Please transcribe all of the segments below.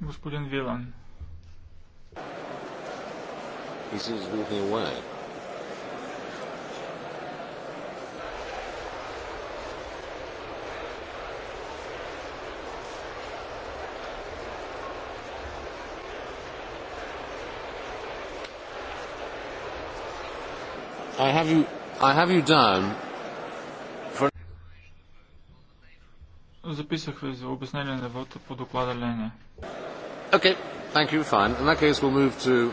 господин Вилан. I have you, I have you down for... Записах ви за обяснение на вода по доклада Лене. Okay, thank you, fine. In that case, we'll move to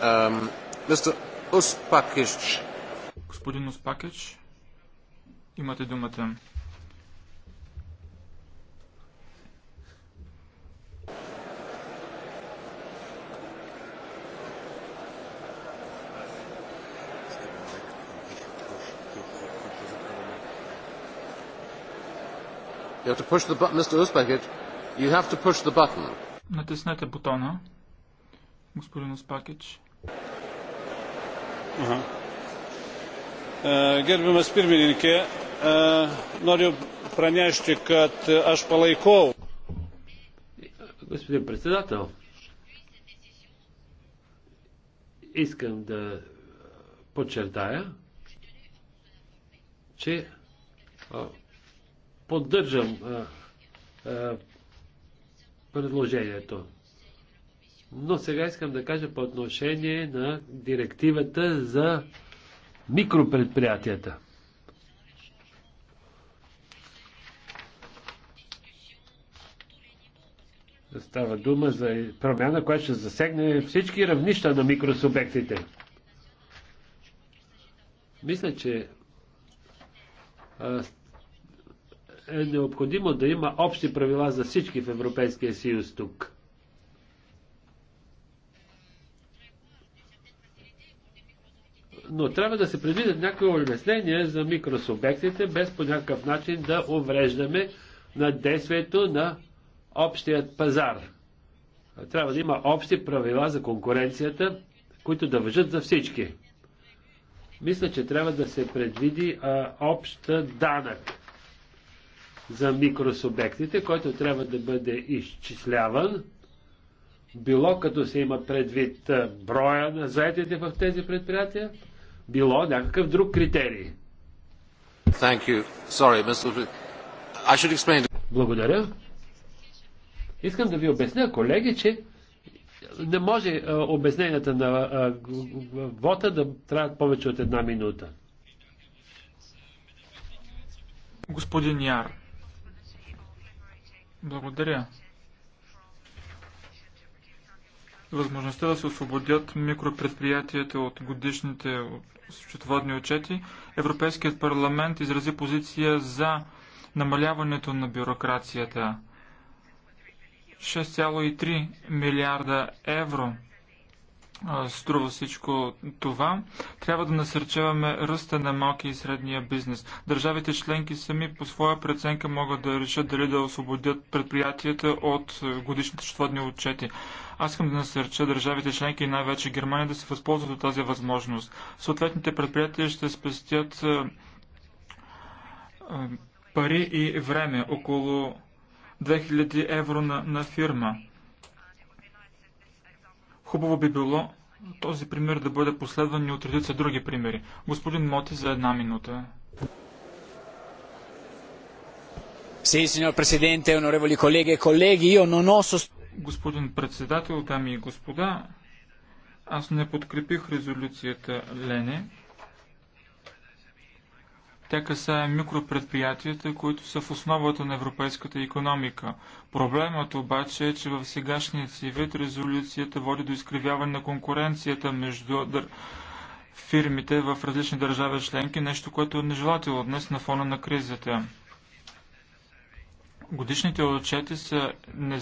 um, Mr. Uspakич. Господин Успакич, имате думата. You have to push the button, Mr. Uspakic. You have to push the button. Натиснете бутона, господин Успакич. Ага. Gerbiamas pirmininkė, noriu pranešti, kad aš palaikau. Господин председател, искам да подчертая, че поддържам предложението. Но сега искам да кажа по отношение на директивата за микропредприятията. Става дума за промяна, която ще засегне всички равнища на микросубектите. Мисля, че е необходимо да има общи правила за всички в Европейския съюз тук. Но трябва да се предвидят някои улеснения за микросубектите, без по някакъв начин да увреждаме на действието на общият пазар. Трябва да има общи правила за конкуренцията, които да въжат за всички. Мисля, че трябва да се предвиди а, общ данък за микросубектите, който трябва да бъде изчисляван, било като се има предвид броя на заетите в тези предприятия, било някакъв друг критерий. Thank you. Sorry, Mr. I should explain. Благодаря. Искам да ви обясня, колеги, че не може обясненията на вота да траят повече от една минута. Господин Яр, благодаря. Възможността да се освободят микропредприятията от годишните счетоводни отчети, Европейският парламент изрази позиция за намаляването на бюрокрацията. 6,3 милиарда евро – струва всичко това. Трябва да насърчаваме ръста на малки и средния бизнес. Държавите членки сами по своя преценка могат да решат дали да освободят предприятията от годишните четводни отчети. Аз искам да насърча държавите членки и най-вече Германия да се възползват от тази възможност. Съответните предприятия ще спестят пари и време около 2000 евро на, на фирма. Хубаво би било този пример да бъде последван и от редица други примери. Господин Моти за една минута. Sì, signor Presidente, onorevoli colleghe e colleghi, io non ho Господин председател, дами и господа, аз не подкрепих резолюцията Лене. Тя касае микропредприятията, които са в основата на европейската економика. Проблемът обаче е, че в сегашния си вид резолюцията води до изкривяване на конкуренцията между дър... фирмите в различни държави членки, нещо, което е нежелателно днес на фона на кризата. Годишните отчети са не...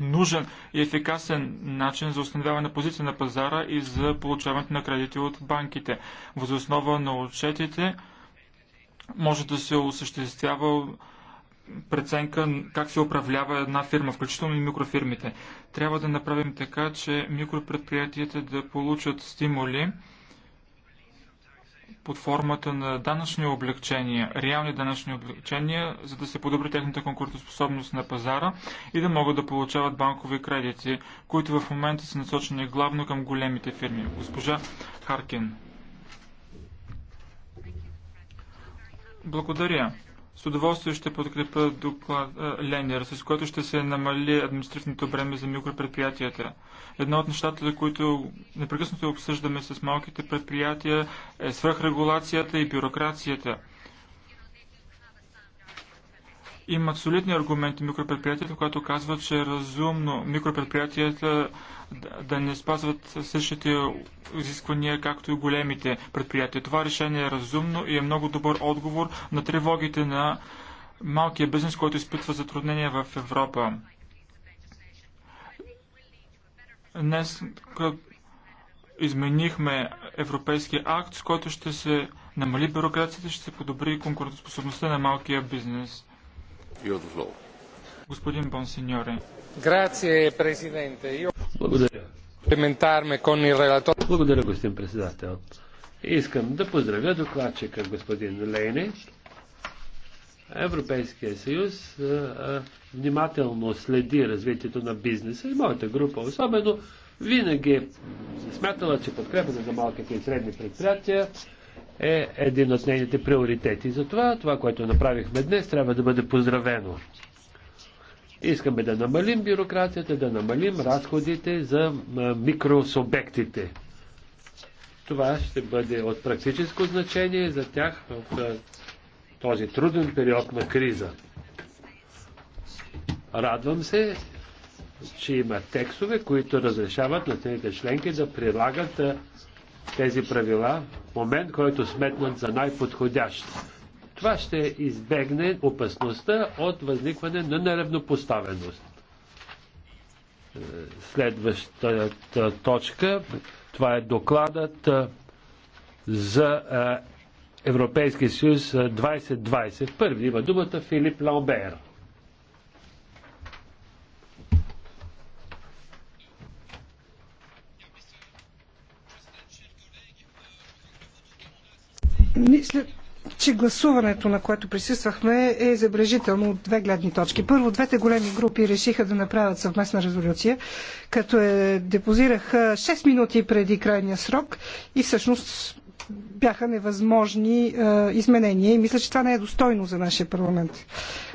нужен и ефикасен начин за установяване на позиция на пазара и за получаването на кредити от банките. Възоснова на отчетите може да се осъществява преценка как се управлява една фирма, включително и микрофирмите. Трябва да направим така, че микропредприятията да получат стимули под формата на данъчни облегчения, реални данъчни облегчения, за да се подобри техната конкурентоспособност на пазара и да могат да получават банкови кредити, които в момента са насочени главно към големите фирми. Госпожа Харкин. Благодаря. С удоволствие ще подкрепя доклад Ленер, с който ще се намали административното бреме за микропредприятията. Едно от нещата, за които непрекъснато обсъждаме с малките предприятия е свръхрегулацията и бюрокрацията имат солидни аргументи микропредприятията, които казват, че е разумно микропредприятията да не спазват същите изисквания, както и големите предприятия. Това решение е разумно и е много добър отговор на тревогите на малкия бизнес, който изпитва затруднения в Европа. Днес изменихме европейския акт, с който ще се намали бюрокрацията, ще се подобри конкурентоспособността на малкия бизнес. Господин Благодаря. Благодаря, господин председател. Искам да поздравя докладчика господин Лейни, Европейския съюз внимателно следи развитието на бизнеса и моята група особено винаги е смятала, че подкрепата за малките и средни предприятия е един от нейните приоритети. Затова това, което направихме днес, трябва да бъде поздравено. Искаме да намалим бюрокрацията, да намалим разходите за микросубектите. Това ще бъде от практическо значение за тях в този труден период на криза. Радвам се, че има текстове, които разрешават на тези членки да прилагат тези правила, в момент, който сметнат за най-подходящ. Това ще избегне опасността от възникване на неравнопоставеност. Е, следващата точка, това е докладът е, за е, Европейския съюз 2020. Първи има думата Филип Ламбер. Мисля, че гласуването, на което присъствахме, е забележително от две гледни точки. Първо, двете големи групи решиха да направят съвместна резолюция, като е депозираха 6 минути преди крайния срок и всъщност бяха невъзможни е, изменения и мисля, че това не е достойно за нашия парламент.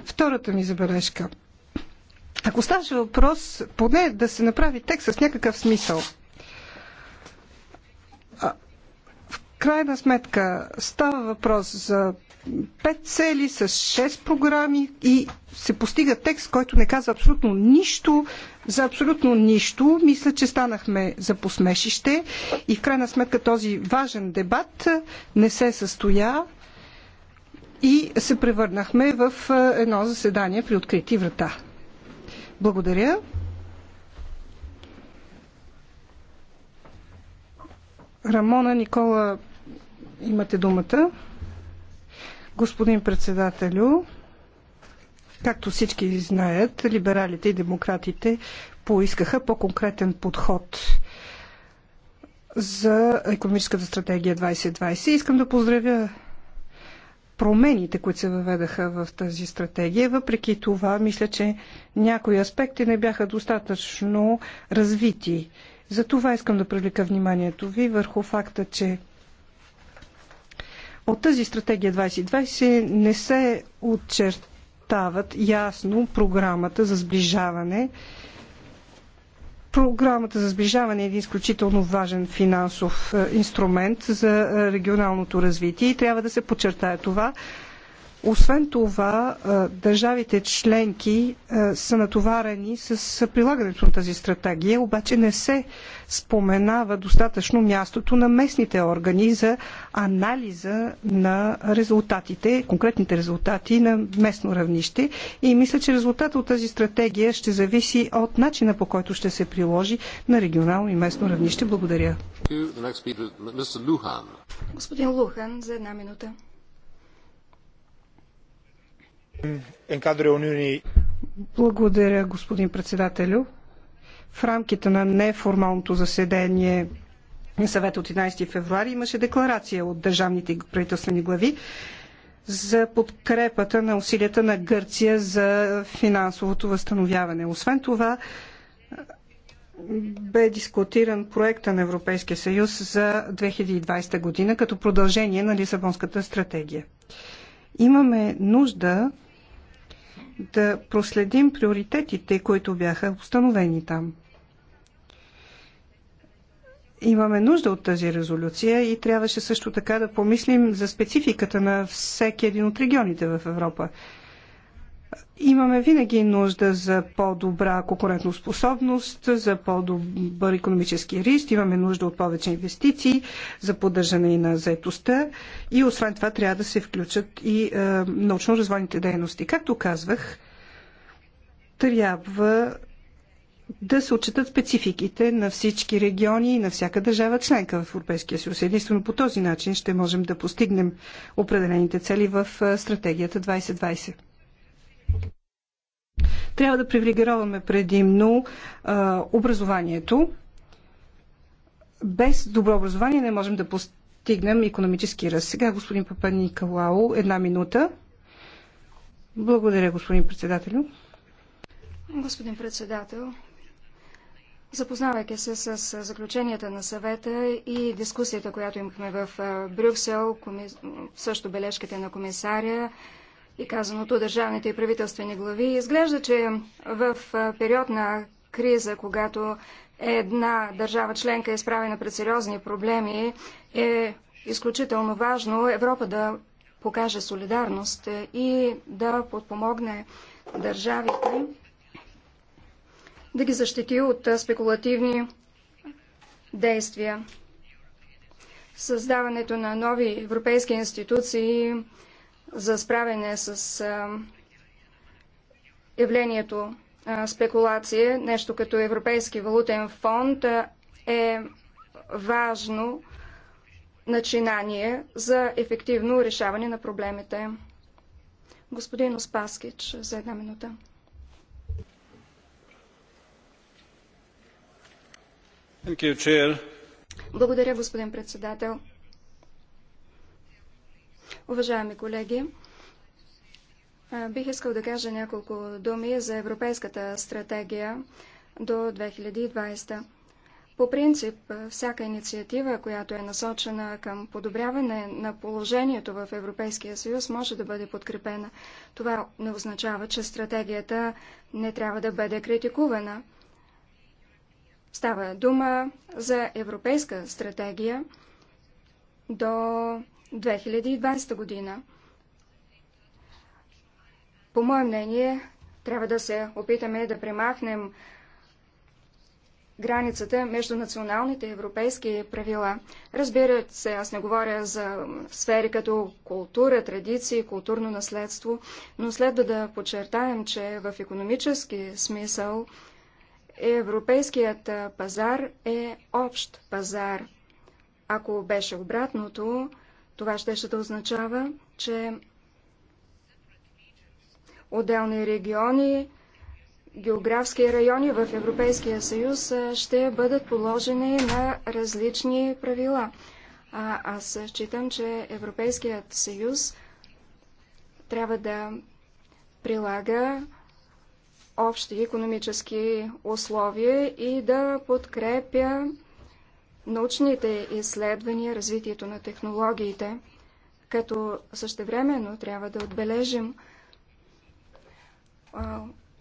Втората ми забележка. Ако ставаше въпрос, поне да се направи текст с някакъв смисъл – крайна сметка става въпрос за пет цели с 6 програми и се постига текст, който не казва абсолютно нищо за абсолютно нищо. Мисля, че станахме за посмешище и в крайна сметка този важен дебат не се състоя и се превърнахме в е, едно заседание при открити врата. Благодаря. Рамона Никола Имате думата. Господин председателю, както всички знаят, либералите и демократите поискаха по-конкретен подход за економическата стратегия 2020. Искам да поздравя промените, които се въведаха в тази стратегия. Въпреки това, мисля, че някои аспекти не бяха достатъчно развити. За това искам да привлека вниманието ви върху факта, че от тази стратегия 2020 не се очертават ясно програмата за сближаване. Програмата за сближаване е един изключително важен финансов е, инструмент за е, регионалното развитие и трябва да се подчертае това, освен това, държавите членки са натоварени с прилагането на тази стратегия, обаче не се споменава достатъчно мястото на местните органи за анализа на резултатите, конкретните резултати на местно равнище. И мисля, че резултатът от тази стратегия ще зависи от начина по който ще се приложи на регионално и местно равнище. Благодаря. Господин Лухан, за една минута. Благодаря, господин председателю. В рамките на неформалното заседание на съвет от 11 февруари имаше декларация от държавните правителствени глави за подкрепата на усилията на Гърция за финансовото възстановяване. Освен това, бе дискутиран проекта на Европейския съюз за 2020 година като продължение на Лисабонската стратегия. Имаме нужда да проследим приоритетите, които бяха установени там. Имаме нужда от тази резолюция и трябваше също така да помислим за спецификата на всеки един от регионите в Европа. Имаме винаги нужда за по-добра конкурентоспособност, за по-добър економически риск, имаме нужда от повече инвестиции за поддържане и на заетостта и освен това трябва да се включат и е, научно-развойните дейности. Както казвах, трябва да се отчитат спецификите на всички региони и на всяка държава членка в Европейския съюз. Единствено по този начин ще можем да постигнем определените цели в е, стратегията 2020. Трябва да привилегироваме предимно а, образованието. Без добро образование не можем да постигнем економически раз. Сега господин Папа Николао, една минута. Благодаря, господин председателю. Господин председател, Запознавайки се с заключенията на съвета и дискусията, която имахме в Брюксел, също бележките на комисаря, и казаното държавните и правителствени глави. Изглежда, че в период на криза, когато една държава членка е изправена пред сериозни проблеми, е изключително важно Европа да покаже солидарност е, и да подпомогне държавите да ги защити от спекулативни действия. Създаването на нови европейски институции за справяне с явлението спекулация, нещо като Европейски валутен фонд, е важно начинание за ефективно решаване на проблемите. Господин Оспаскич, за една минута. Благодаря, господин председател. Уважаеми колеги, бих искал да кажа няколко думи за Европейската стратегия до 2020. По принцип, всяка инициатива, която е насочена към подобряване на положението в Европейския съюз, може да бъде подкрепена. Това не означава, че стратегията не трябва да бъде критикувана. Става дума за Европейска стратегия до 2020 година. По мое мнение, трябва да се опитаме да премахнем границата между националните и европейски правила. Разбира се, аз не говоря за сфери като култура, традиции, културно наследство, но следва да подчертаем, че в економически смисъл европейският пазар е общ пазар. Ако беше обратното, това ще, ще да означава, че отделни региони, географски райони в Европейския съюз ще бъдат положени на различни правила. А, аз считам, че Европейският съюз трябва да прилага общи економически условия и да подкрепя научните изследвания, развитието на технологиите, като същевременно трябва да отбележим,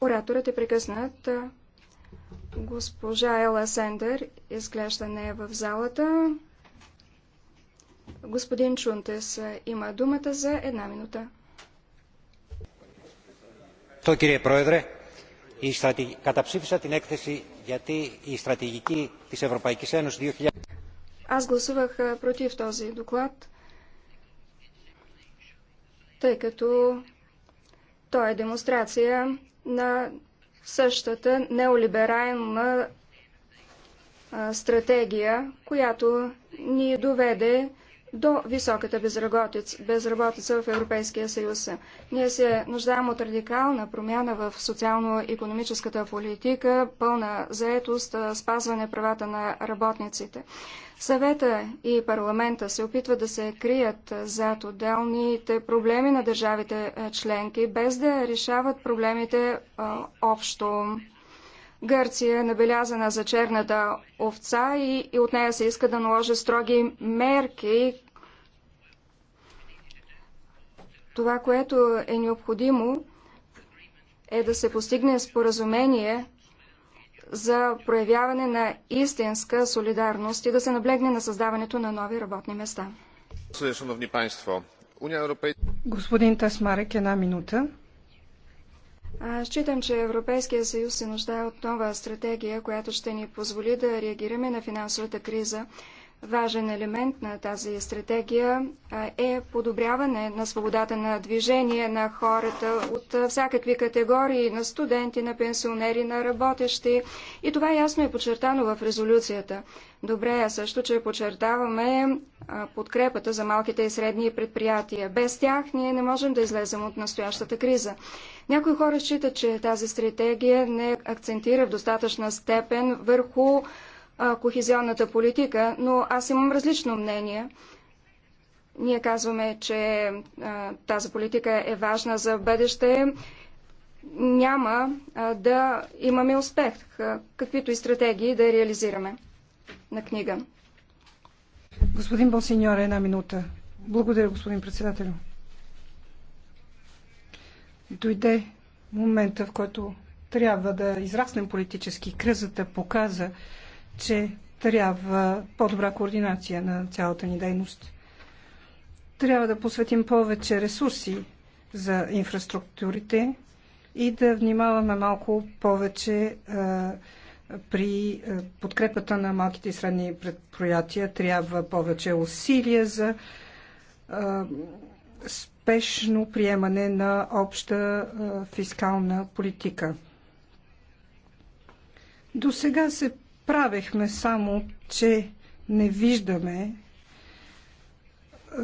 ораторът е прекъснат. Госпожа Ела Сендер изглежда не е в залата. Господин Чунтес има думата за една минута. То, кирие проедре, и καταψήφισα την έκθεση γιατί η στρατηγική της Ευρωπαϊκής Ένωσης аз гласувах против този доклад, тъй като той е демонстрация на същата неолиберална стратегия, която ни доведе до високата безработица в Европейския съюз. Ние се нуждаем от радикална промяна в социално-економическата политика, пълна заетост, спазване правата на работниците. Съвета и парламента се опитват да се крият зад отделните проблеми на държавите членки, без да решават проблемите а, общо. Гърция е набелязана за черната овца и, и от нея се иска да наложи строги мерки. Това, което е необходимо, е да се постигне споразумение за проявяване на истинска солидарност и да се наблегне на създаването на нови работни места. Господин Тасмарек, една минута. Считам, че Европейския съюз се нуждае от нова стратегия, която ще ни позволи да реагираме на финансовата криза. Важен елемент на тази стратегия е подобряване на свободата на движение на хората от всякакви категории, на студенти, на пенсионери, на работещи. И това ясно е подчертано в резолюцията. Добре е също, че подчертаваме подкрепата за малките и средни предприятия. Без тях ние не можем да излезем от настоящата криза. Някои хора считат, че тази стратегия не акцентира в достатъчна степен върху кохезионната политика, но аз имам различно мнение. Ние казваме, че тази политика е важна за бъдеще. Няма да имаме успех, каквито и стратегии да реализираме на книга. Господин Босиньор, една минута. Благодаря, господин председател. Дойде момента, в който трябва да израснем политически. Кризата показа, че трябва по-добра координация на цялата ни дейност. Трябва да посветим повече ресурси за инфраструктурите и да внимаваме малко повече а, е, при е, подкрепата на малките и средни предприятия. Трябва повече усилия за а, е, спешно приемане на обща а, фискална политика. До сега се правехме само, че не виждаме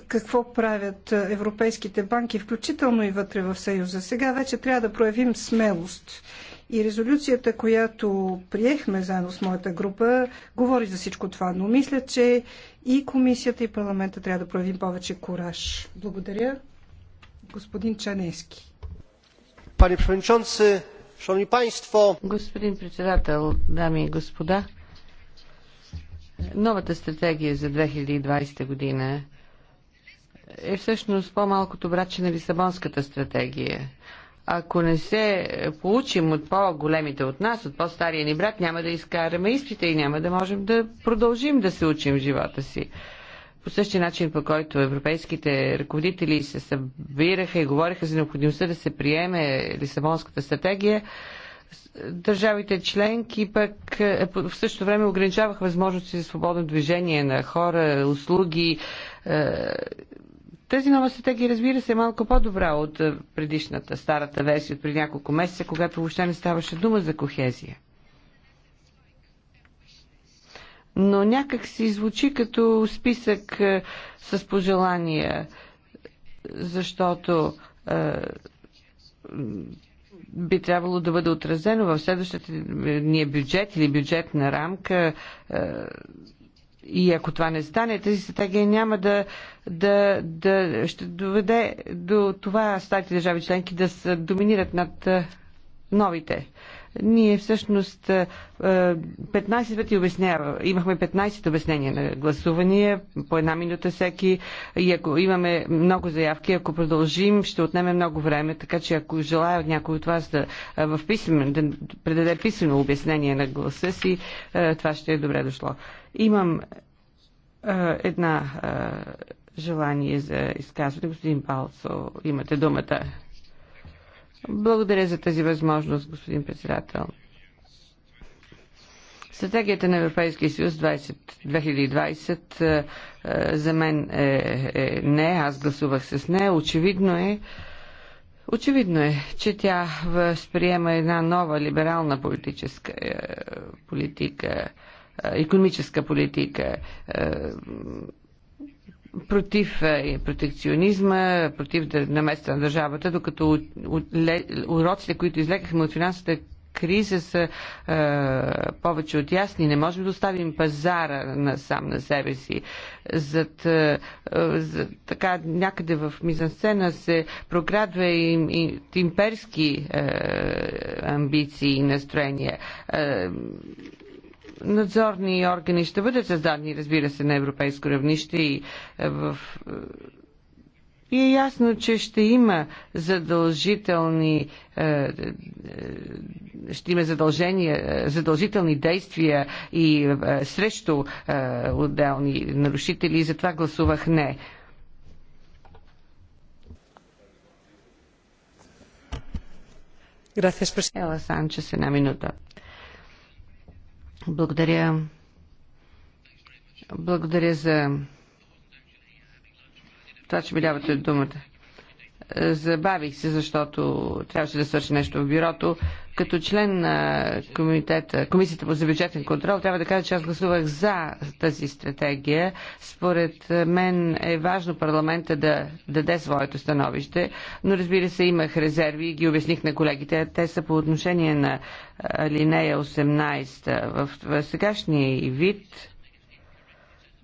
какво правят европейските банки, включително и вътре в Съюза. Сега вече трябва да проявим смелост. И резолюцията, която приехме заедно с моята група, говори за всичко това. Но мисля, че и комисията, и парламента трябва да проявим повече кураж. Благодаря, господин Чанески. Господин председател, дами и господа, Новата стратегия за 2020 година е всъщност по-малкото братче на Лисабонската стратегия. Ако не се получим от по-големите от нас, от по-стария ни брат, няма да изкараме изпита и няма да можем да продължим да се учим в живота си. По същия начин, по който европейските ръководители се събираха и говореха за необходимостта да се приеме Лисабонската стратегия, Държавите членки пък е, в същото време ограничаваха възможности за свободно движение на хора, услуги. Е, тази нова стратегия, разбира се, е малко по-добра от е, предишната, старата версия от преди няколко месеца, когато въобще не ставаше дума за кохезия. Но някак си звучи като списък с пожелания, защото би трябвало да бъде отразено в следващата е, ние бюджет или бюджетна рамка. Е, и ако това не стане, тази стратегия няма да, да, да ще доведе до това старите държави членки да се доминират над е, новите. Ние всъщност 15 е, е, пъти обяснява. Имахме 15 обяснения на гласувания, по една минута всеки. И ако имаме много заявки, ако продължим, ще отнеме много време. Така че ако желая от някой от вас да, е, в писмен, да предаде писано обяснение на гласа си, това ще е добре дошло. Имам една желание за изказване. Господин Палцо, имате думата. Благодаря за тази възможност, господин председател. Стратегията на Европейския съюз 20, 2020 е, е, за мен е, е не, аз гласувах с не. Очевидно е, очевидно е, че тя възприема една нова либерална политическа е, политика, е, економическа политика. Е, против е, протекционизма, против наместа на държавата, докато уроците, които излекахме от финансовата криза са е, повече от ясни. Не можем да оставим пазара на сам на себе си. Зад, е, е зад, така някъде в мизансцена се прокрадва и, и имперски е, амбиции и настроения. Е, надзорни органи ще бъдат създадени, разбира се, на европейско равнище и е, в е, и е ясно, че ще има задължителни е, ще има задължения, задължителни действия и срещу отделни нарушители и затова гласувах не. Ела Санчес, една минута. Благодаря. Благодаря за това, че ми давате думата. Забавих се, защото трябваше да свърши нещо в бюрото. Като член на комитета, Комисията по бюджетен контрол, трябва да кажа, че аз гласувах за тази стратегия. Според мен е важно парламента да даде своето становище, но разбира се, имах резерви и ги обясних на колегите. Те са по отношение на линея 18 в сегашния вид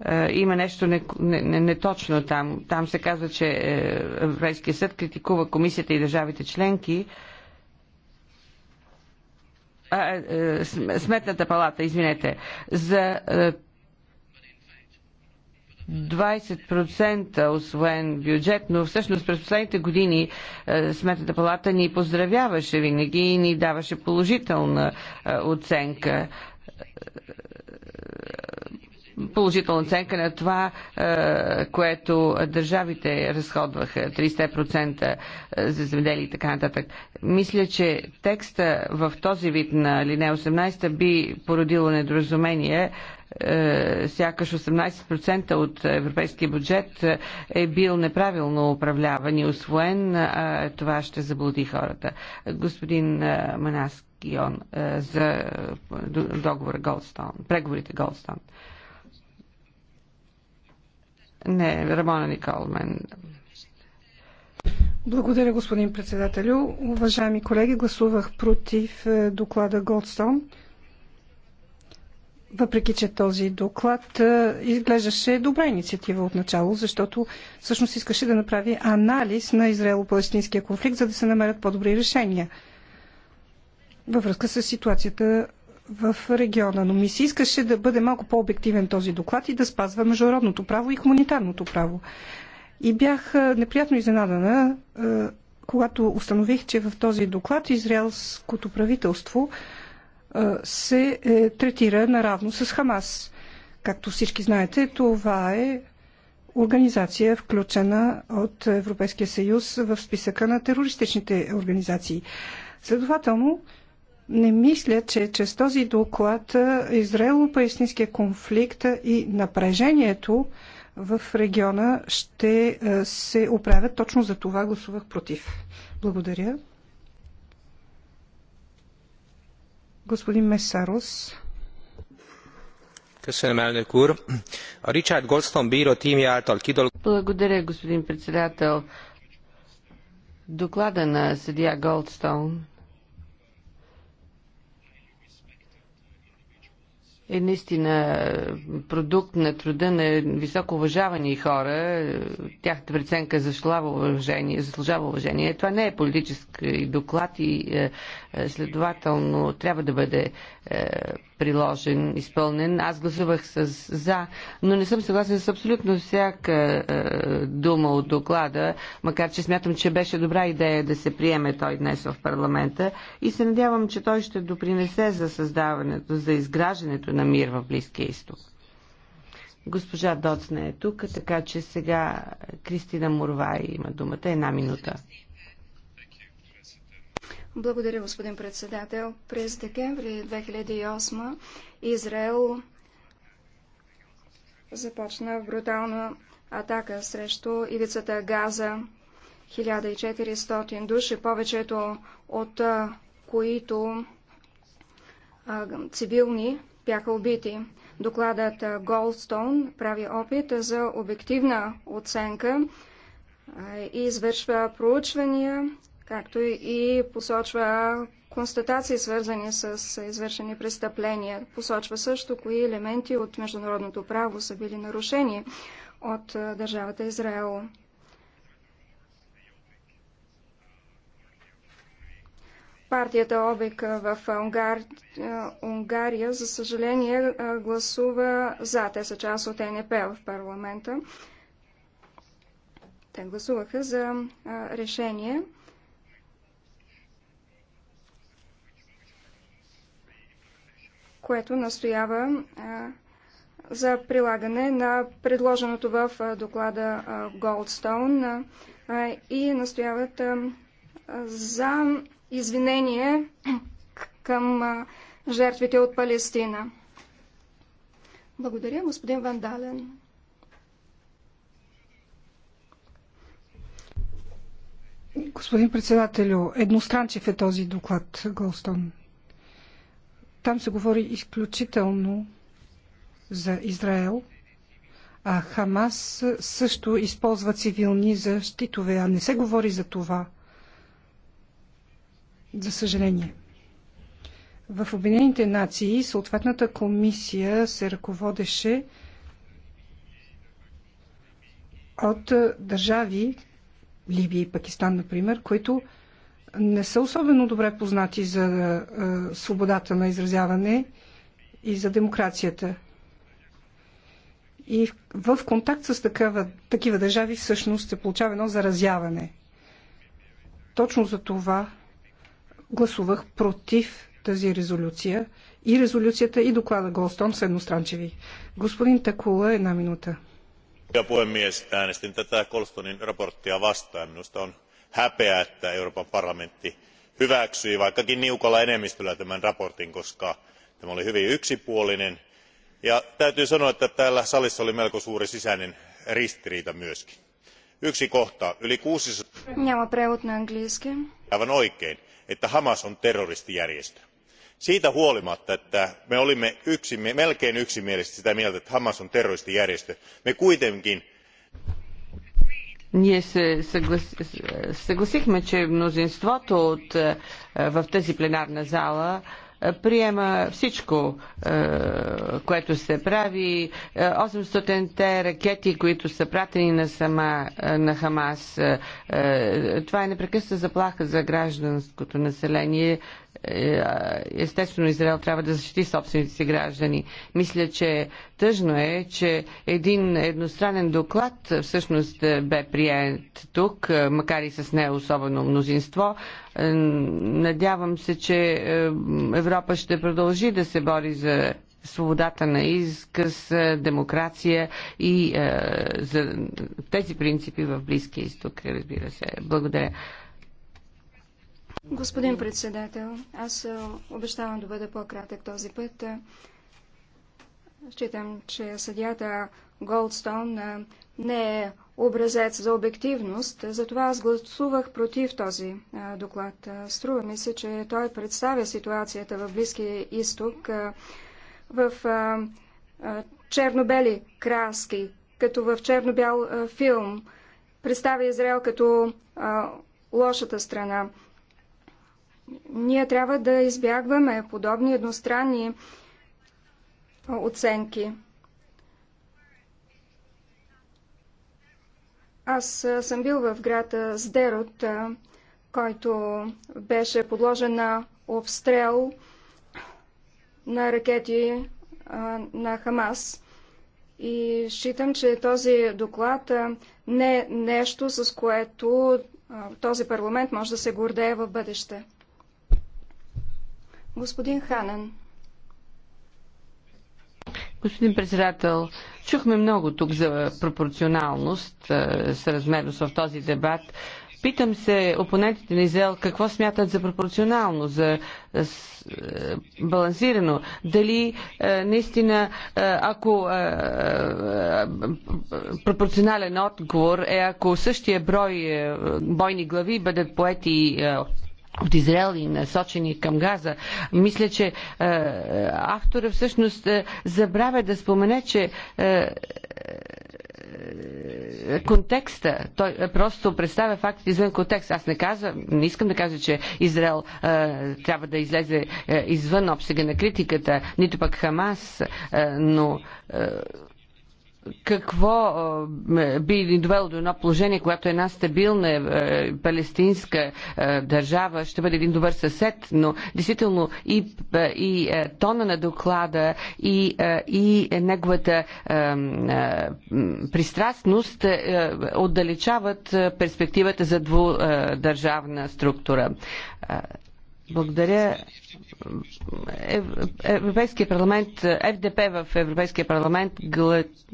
е, има нещо неточно не, не, не там. Там се казва, че е, Европейския съд критикува комисията и държавите членки. А, е, сметната палата, извинете, за 20% освоен бюджет, но всъщност през последните години Сметната палата ни поздравяваше винаги и ни даваше положителна оценка положителна оценка на това, е, което държавите разходваха 30% е, за земеделие и така нататък. Мисля, че текста в този вид на линия 18 би породило недоразумение, е, сякаш 18% от европейския бюджет е бил неправилно управляван и освоен, това ще заблуди хората. Господин Манаскион за договора Голдстон, преговорите Голдстон. Не, Рамона Николмен. Благодаря, господин председателю. Уважаеми колеги, гласувах против е, доклада Голдстон. Въпреки, че този доклад е, изглеждаше добра инициатива от начало, защото всъщност искаше да направи анализ на израело-палестинския конфликт, за да се намерят по-добри решения във връзка с ситуацията в региона, но ми се искаше да бъде малко по-обективен този доклад и да спазва международното право и хуманитарното право. И бях неприятно изненадана, когато установих, че в този доклад израелското правителство се е, третира наравно с Хамас. Както всички знаете, това е организация, включена от Европейския съюз в списъка на терористичните организации. Следователно, не мисля, че чрез този доклад израело-палестинския конфликт и напрежението в региона ще се оправят. Точно за това гласувах против. Благодаря. Господин Месарос. Благодаря, господин председател. Доклада на съдия Голдстоун е наистина продукт на труда на високо уважавани хора. Тяхната преценка е заслужава уважение. Заслужава уважение. Това не е политически доклад и е, е, следователно трябва да бъде приложен, изпълнен. Аз гласувах с за, но не съм съгласен с абсолютно всяка е, дума от доклада, макар че смятам, че беше добра идея да се приеме той днес в парламента и се надявам, че той ще допринесе за създаването, за изграждането на мир в Близкия изток. Госпожа Доцна е тук, така че сега Кристина Мурвай има думата. Една минута. Благодаря, господин председател. През декември 2008 Израел започна брутална атака срещу ивицата Газа. 1400 души, повечето от които цивилни бяха убити. Докладът Голдстоун прави опит за обективна оценка и извършва проучвания както и посочва констатации, свързани с извършени престъпления. Посочва също кои елементи от международното право са били нарушени от държавата Израел. Партията ОБЕК в Унгар... Унгария, за съжаление, гласува за. Те са част от НП в парламента. Те гласуваха за решение което настоява за прилагане на предложеното в доклада Голдстоун и настояват за извинение към жертвите от Палестина. Благодаря, господин Вандален. Господин председателю, едностранчив е този доклад, Голстон. Там се говори изключително за Израел, а Хамас също използва цивилни за щитове, а не се говори за това. За съжаление. В Обединените нации съответната комисия се ръководеше от държави, Либия и Пакистан, например, които не са особено добре познати за е, свободата на изразяване и за демокрацията. И в контакт с такава, такива държави всъщност се получава едно заразяване. Точно за това гласувах против тази резолюция и резолюцията и доклада Голстон са едностранчеви. Господин Такула, една минута. Ja puhemies, äänestin tätä Kolstonin raporttia vastaan. Minusta on häpeä että euroopan parlamentti hyväksyi vaikkakin niukalla enemmistöllä tämän mietinnön koska tämä oli hyvin yksipuolinen ja täytyy sanoa että täällä salissa oli melko suuri sisäinen ristiriita myös. yksi kohta yli kuusisataa aivan oikein että hamas on terroristijärjestö. siitä huolimatta että me olimme melkein yksimielisesti sitä mieltä että hamas on terroristijärjestö me kuitenkin ние се съглас... съгласихме, че мнозинството от, е, в тази пленарна зала е, приема всичко, е, което се прави. 800-те ракети, които са пратени на, сама, на Хамас, това е непрекъсна заплаха за гражданското население. Е, естествено Израел трябва да защити собствените си граждани. Мисля, че тъжно е, че един едностранен доклад е, всъщност е, бе прият тук, макар и с не особено мнозинство. Надявам се, че Европа ще продължи да се бори за свободата на изказ, демокрация и за тези принципи в Близкия изток, разбира се. Благодаря. Господин председател, аз обещавам да бъда по-кратък този път. Считам, че съдията Голдстон не е образец за обективност, затова аз гласувах против този доклад. Струва ми се, че той представя ситуацията в Близкия изток в черно-бели краски, като в черно-бял филм. Представя Израел като лошата страна. Ние трябва да избягваме подобни едностранни оценки. Аз съм бил в града Сдерот, който беше подложен на обстрел на ракети на Хамас. И считам, че този доклад не е нещо, с което този парламент може да се гордее в бъдеще. Господин Ханан. Господин председател, чухме много тук за пропорционалност, е, съразмерност в този дебат. Питам се, опонентите на Израел, какво смятат за пропорционално, за е, е, балансирано. Дали наистина, ако пропорционален отговор е ако същия брой бойни глави бъдат поети от Израел и насочени към Газа. Мисля, че е, автора всъщност е, забравя да спомене, че е, е контекста. Той е, просто представя факт извън контекст. Аз не казвам, не искам да кажа, че Израел е, трябва да излезе е, извън обсега на критиката, нито пък Хамас, е, но. Е, какво би ни довело до едно положение, когато една стабилна е, палестинска държава ще бъде един добър съсед, но действително и, и тона на доклада и, и неговата пристрастност отдалечават перспективата за двудържавна структура. Благодаря. Европейския парламент, ФДП в Европейския парламент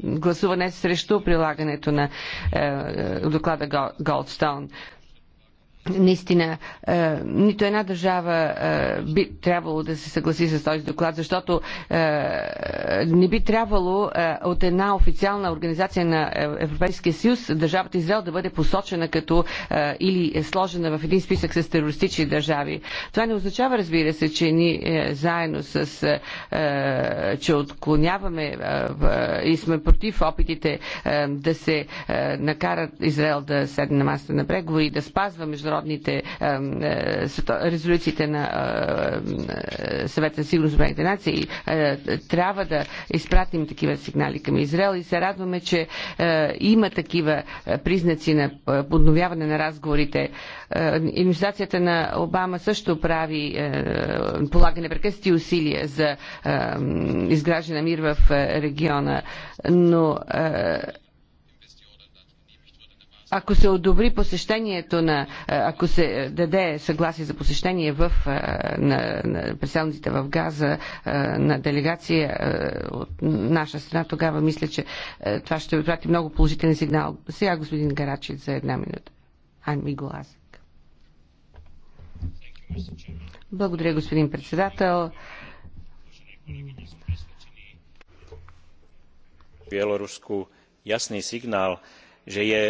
гласува не срещу прилагането на е, доклада Голдстоун наистина е, нито една държава е, би трябвало да се съгласи с този доклад, защото е, не би трябвало е, от една официална организация на е, Европейския съюз държавата Израел да бъде посочена като е, или е сложена в един списък с терористични държави. Това не означава, разбира се, че ни е, заедно с е, е че отклоняваме е, е, и сме против опитите е, да се е, накарат Израел да седне на масата на преговори и да спазва международно международните е, резолюциите на е, е, съвета на сигурност на нации. Трябва да изпратим такива сигнали към Израел и се радваме, че има такива признаци на подновяване на разговорите. Инвестицията на Обама също прави, полага непрекъснати усилия за изграждане на мир в региона, но ако се одобри посещението на, е, ако се е, даде съгласие за посещение в, е, на, на представниците в Газа на делегация от наша страна, тогава мисля, че това ще ви прати много положителен сигнал. Сега господин Гарачи за една минута. Анми Голазик. Благодаря, господин председател. Bielorusku jasný signál, že je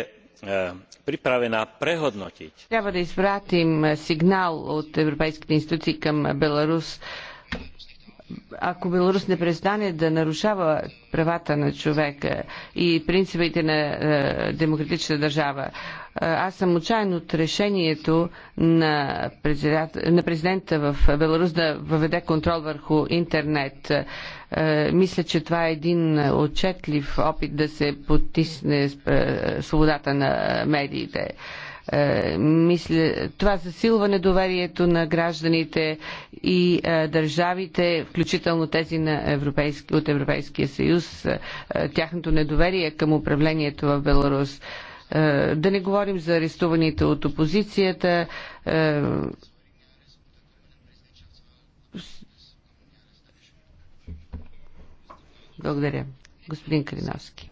е, приправена прехотнотить. Трябва да изпратим сигнал от европейските институции към Беларус ако Беларус не престане да нарушава правата на човека и принципите на е, демократична държава, е, аз съм отчаян от решението на, президент, на президента в Беларус да въведе контрол върху интернет. Е, мисля, че това е един отчетлив опит да се потисне е, свободата на медиите. Е, мисля, това засилва недоверието на гражданите и е, държавите, включително тези на Европейски, от Европейския съюз, е, е, тяхното недоверие към управлението в Беларус. Е, да не говорим за арестуваните от опозицията. Е, Благодаря. Господин Калиновски.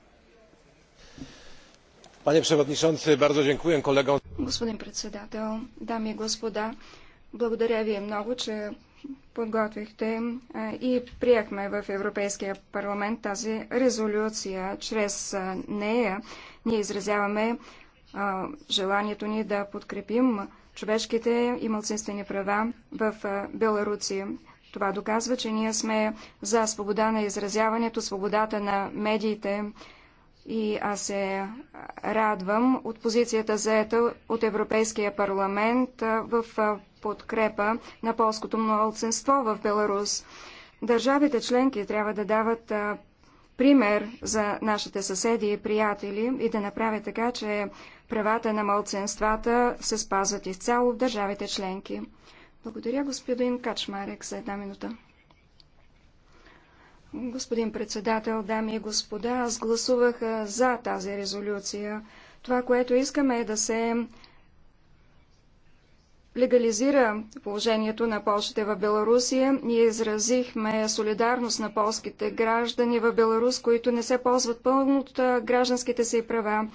Panie przewodniczący, bardzo dziękuję kolegom. Господин председател, дами и господа, благодаря ви много, че подготвихте и приехме в Европейския парламент тази резолюция. Чрез нея ние изразяваме желанието ни да подкрепим човешките и мълцинствени права в Беларуси. Това доказва, че ние сме за свобода на изразяването, свободата на медиите, и аз се радвам от позицията заета от Европейския парламент в подкрепа на полското младсенство в Беларус. Държавите членки трябва да дават пример за нашите съседи и приятели и да направят така, че правата на мълценствата се спазват изцяло в държавите членки. Благодаря господин Качмарек за една минута. Господин председател, дами и господа, аз гласувах за тази резолюция. Това, което искаме е да се легализира положението на Полшите в Беларусия. Ние изразихме солидарност на полските граждани в Беларус, които не се ползват пълно от гражданските си права.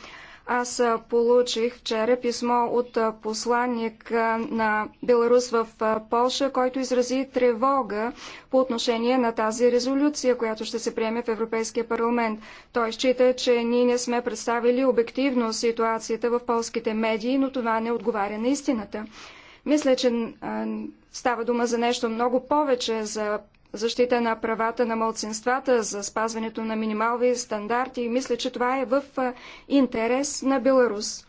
Аз получих вчера писмо от посланник на Беларус в Полша, който изрази тревога по отношение на тази резолюция, която ще се приеме в Европейския парламент. Той счита, че ние не сме представили обективно ситуацията в полските медии, но това не отговаря на истината. Мисля, че става дума за нещо много повече, за защита на правата на мълцинствата, за спазването на минимални стандарти и мисля, че това е в интерес на Беларус.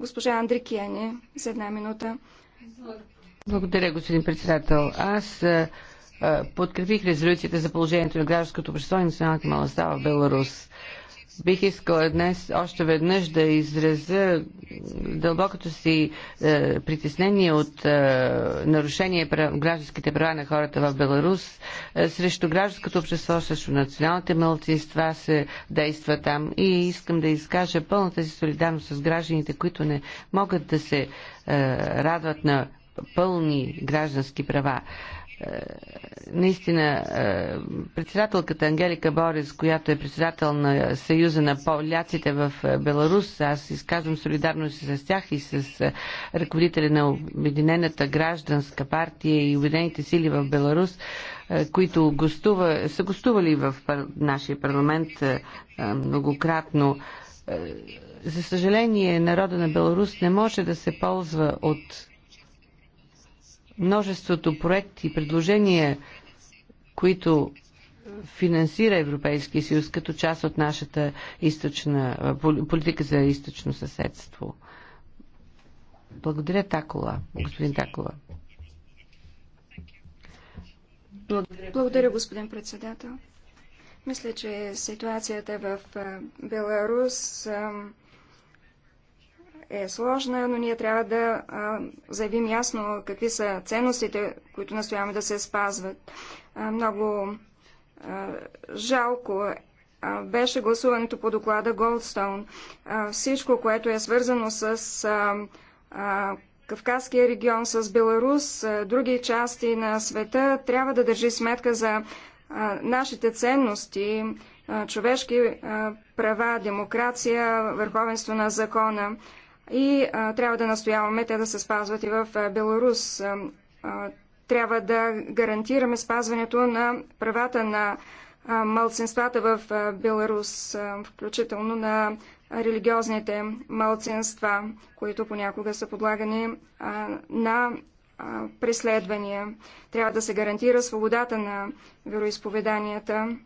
Госпожа Киене, за една минута. Благодаря, господин председател. Аз подкрепих резолюцията за положението на гражданското общество и националната малостава в Беларус. Бих искала днес още веднъж да изразя дълбокото си е, притеснение от е, нарушение прав, гражданските права на хората в Беларус. Е, срещу гражданското общество, срещу националните мълцинства се действа там и искам да изкажа пълната си солидарност с гражданите, които не могат да се е, радват на пълни граждански права. Е, е, наистина е, председателката Ангелика Борис, която е председател на Съюза на поляците в е, Беларус, аз изказвам солидарност с тях и с ръководители на Обединената гражданска партия и Обединените сили в Беларус, които гостува, са гостували в нашия парламент многократно. За съжаление, народа на Беларус не може да се ползва от множеството проекти и предложения, които финансира Европейския съюз като част от нашата източна, политика за източно съседство. Благодаря Такола, господин Такола. Благодаря, Благодаря господин председател. Мисля, че ситуацията в Беларус е сложна, но ние трябва да а, заявим ясно какви са ценностите, които настояваме да се спазват. А, много а, жалко а, беше гласуването по доклада Голдстоун. А, всичко, което е свързано с а, а, Кавказския регион, с Беларус, а, други части на света, трябва да държи сметка за а, нашите ценности, човешки права, демокрация, върховенство на закона и а, трябва да настояваме те да се спазват и в а, Беларус. А, а, трябва да гарантираме спазването на правата на а, малцинствата в а, Беларус, а, включително на религиозните малцинства, които понякога са подлагани а, на а, преследвания. Трябва да се гарантира свободата на вероисповеданията.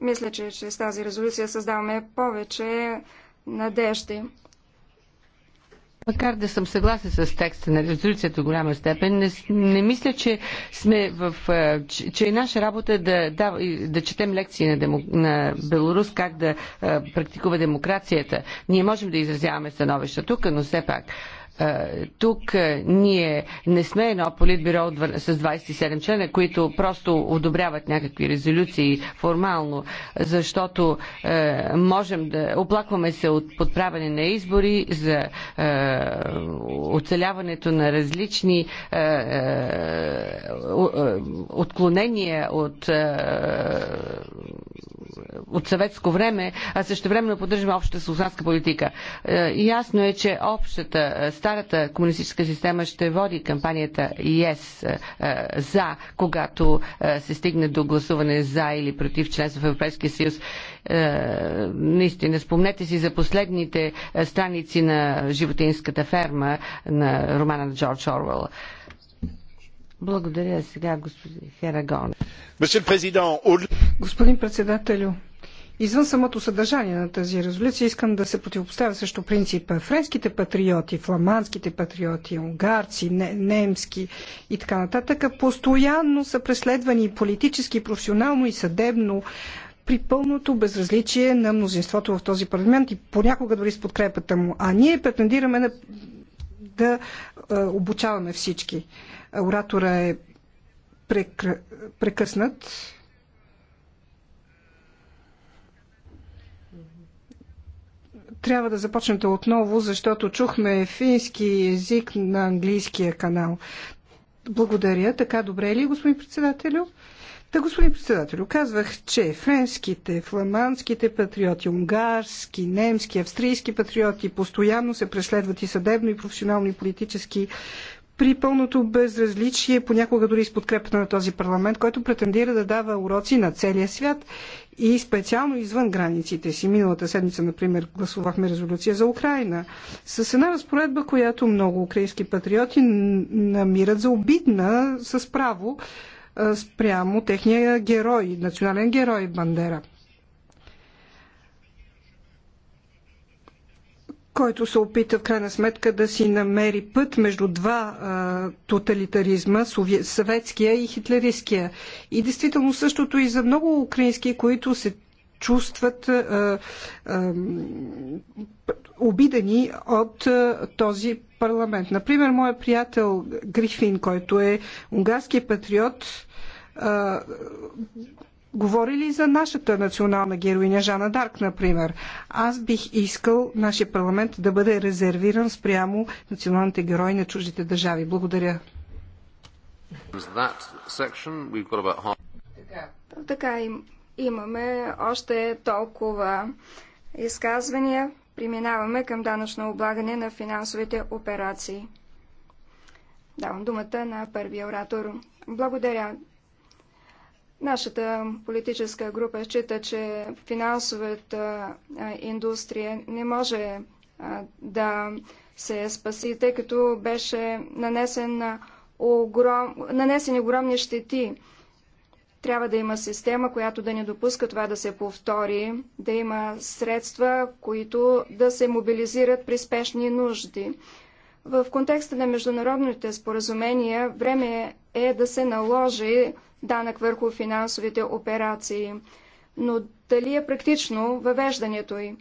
Мисля, че чрез тази резолюция създаваме повече надежди. Макар да съм съгласен с текста на резолюцията в голяма степен, не, не мисля, че, сме в, че, че е наша работа да, да, да четем лекции на, демо, на Беларус как да а, практикува демокрацията. Ние можем да изразяваме становища тук, но все пак. А, тук ние не сме едно политбюро с 27 члена, които просто одобряват някакви резолюции формално, защото можем да оплакваме се от подправяне на избори за оцеляването на различни отклонения от от съветско време, а също времено поддържаме общата слуснатска политика. Е, ясно е, че общата, е, старата комунистическа система ще води кампанията ЕС е, за, когато се стигне до гласуване за или против членство в Европейския съюз наистина, спомнете си за последните страници на животинската ферма на романа на Джордж Орвел. Благодаря сега, господин Херагон. Господин председателю, Извън самото съдържание на тази резолюция искам да се противопоставя срещу принципа френските патриоти, фламандските патриоти, унгарци, не, немски и така нататък постоянно са преследвани политически, професионално и съдебно при пълното безразличие на мнозинството в този парламент и понякога дори с подкрепата му. А ние претендираме на да обучаваме всички. Оратора е прекр... прекъснат. Трябва да започнете отново, защото чухме фински език на английския канал. Благодаря. Така добре е ли, господин председателю? Та, господин председател, казвах, че френските, фламандските патриоти, унгарски, немски, австрийски патриоти постоянно се преследват и съдебно, и професионално, и политически при пълното безразличие, понякога дори с подкрепата на този парламент, който претендира да дава уроци на целия свят и специално извън границите си. Миналата седмица, например, гласувахме резолюция за Украина с една разпоредба, която много украински патриоти намират за обидна с право спрямо техния герой, национален герой Бандера. който се опита в крайна сметка да си намери път между два а, тоталитаризма, съветския и хитлеристския. И действително същото и за много украински, които се чувстват а, а, обидени от е, този парламент. Например, моят приятел Грифин, който е унгарски патриот, е, говори ли за нашата национална героиня Жана Дарк, например? Аз бих искал нашия парламент да бъде резервиран спрямо националните герои на чуждите държави. Благодаря. Така, имаме още толкова изказвания преминаваме към данъчно облагане на финансовите операции. Давам думата на първия оратор. Благодаря. Нашата политическа група счита, че финансовата индустрия не може да се спаси, тъй като беше нанесен огром... нанесени огромни щети трябва да има система, която да не допуска това да се повтори, да има средства, които да се мобилизират при спешни нужди. В контекста на международните споразумения време е да се наложи данък върху финансовите операции, но дали е практично въвеждането й?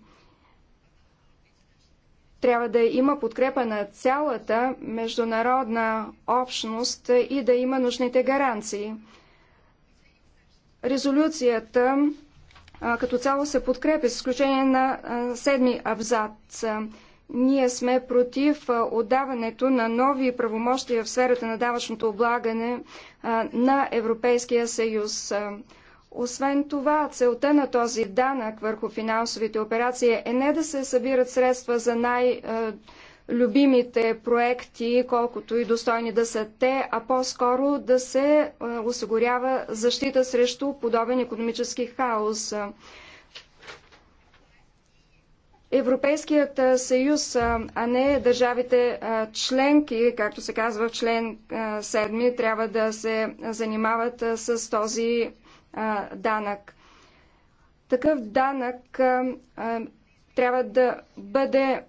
Трябва да има подкрепа на цялата международна общност и да има нужните гаранции. Резолюцията като цяло се подкрепя, с изключение на седми абзац. Ние сме против отдаването на нови правомощия в сферата на давачното облагане на Европейския съюз. Освен това, целта на този данък върху финансовите операции е не да се събират средства за най- любимите проекти, колкото и достойни да са те, а по-скоро да се е, осигурява защита срещу подобен економически хаос. Европейският е, съюз, е, а не държавите членки, както се казва в член 7, трябва да се занимават с този данък. Такъв данък трябва да бъде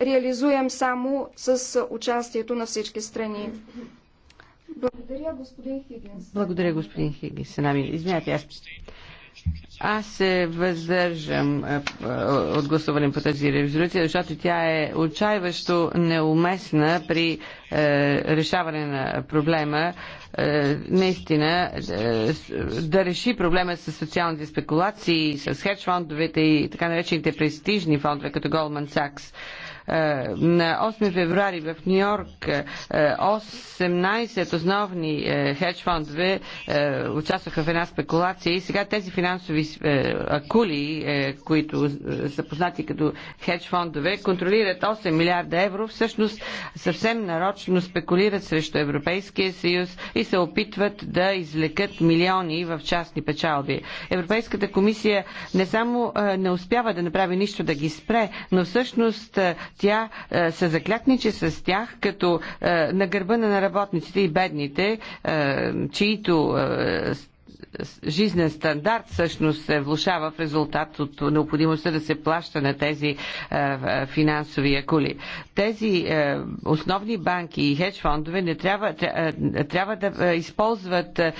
реализуем само с участието на всички страни. Благодаря, господин Хигинс. Благодаря, господин Хигинс. Извинявайте, аз аз се въздържам от гласуване по тази резолюция, защото тя е отчаиващо неуместна при е, решаване на проблема. Е, наистина, е, да реши проблема с социалните спекулации, с хедж фондовете и така наречените престижни фондове, като Goldman Sachs. Е, е, на 8 февруари в Нью Йорк 18 е, основни е, хедж фондове участваха в една спекулация и сега тези финансови акули, които са познати като хедж фондове, контролират 8 милиарда евро, всъщност съвсем нарочно спекулират срещу Европейския съюз и се опитват да извлекат милиони в частни печалби. Европейската комисия не само не успява да направи нищо да ги спре, но всъщност тя е, се заклятничи с тях като е, на гърба на работниците и бедните, е, чието жизнен стандарт всъщност се влушава в резултат от необходимостта да се плаща на тези е, финансови акули. Тези е, основни банки и хедж фондове не трябва, тря, трябва да използват е,